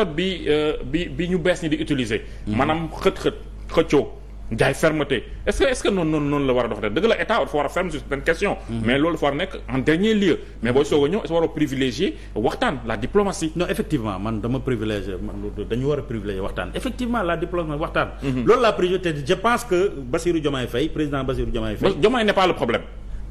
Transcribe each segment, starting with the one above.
méthode bi euh, bi bi ñu bees ñi di utiliser. Mhm. maanaam xët-xët xëccoo jaay fermeté est est noonu la war a dox dëgg la état dafa war a ferme sur certaines questions. Mhm. mais loolu dafa war a nekk en dernier lieu. mais booy soog a ñëw est ce war a privilégier waxtaan la diplomatie. non effectivement man dama privilégier dañu war a privilégier waxtaan effectivement la diplomatie waxtaan. Mhm. loolu la priorité je pense que Bassirou Diomaye Faye président Bassirou Diomaye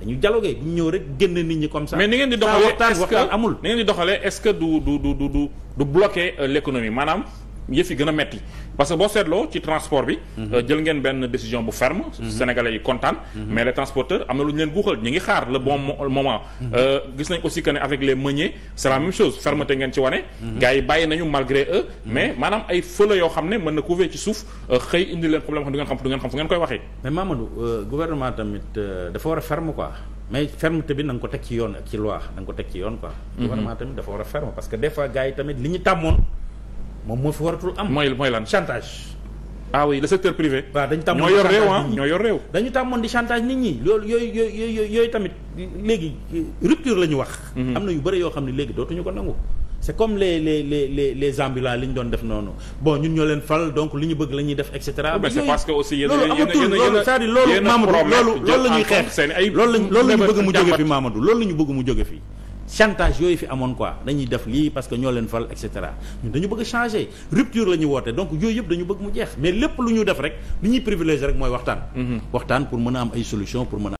dañu dialogué du ñëw rek génn nit ñi comme ça. mais ni ngeen di doxalee est-ce que amul ni ngeen di doxalee est du du du du du bloquer euh, l'économie maanaam. yëf yi gën a metti parce que boo seetloo ci transport bi. Mhm. Euh, jël ngeen benn décision bu ferme. Mhm. Sénégalais yi kontaan. Mhm. mais les transporteurs am na lu ñu leen guuxal ñu ngi xaar le bon moment. Euh, gis nañ aussi que ne avec les meuniers c' est la même chose fermeté ngeen ci wane. gars bàyyi nañu malgré eux. mais maanaam ay fële yoo xam ne mën na couver ci suuf euh, xëy indi leen problème xam du ngeen xam fu ngeen koy waxee. mais Mamadou gouvernement tamit dafa war a ferme quoi. mais ko teg yoon ak ci loi na nga ko moom moo fi waratul am. mooy mooy lan chantage. ah oui le secteur privé. waaw dañu tàmmoon yor réew ah, ñoo yor dañu tàmmoon di chantage nit ñi loolu yooy yooyu yooyu tamit léegi rupture la ñu wax. Mhm. am na yu bëri yoo xam ne léegi dootuñu ko nangu. c'est comme les les les les les ambulants li ñu doon def noonu bon ñun ñoo leen fal donc li ñu bëgg la ñuy def et cetera. mais c'est parce que aussi yéen a yéen a yéen loolu amatul loolu loolu Mamadou la xeex. loolu loolu la ñu bëgg mu jóge fi Mamadou loolu la bëgg mu jóge fi chantage yooyu fi amoon quoi dañuy def lii parce que ñoo leen fal et cetera ñu dañu bëgg changer rupture la woote donc yooyu yëpp dañu bëgg mu jeex mais lépp lu ñu def rek li ñuy privilégié rek mooy waxtaan mm-hmm. waxtaan pour mën a am ay solution pour mën a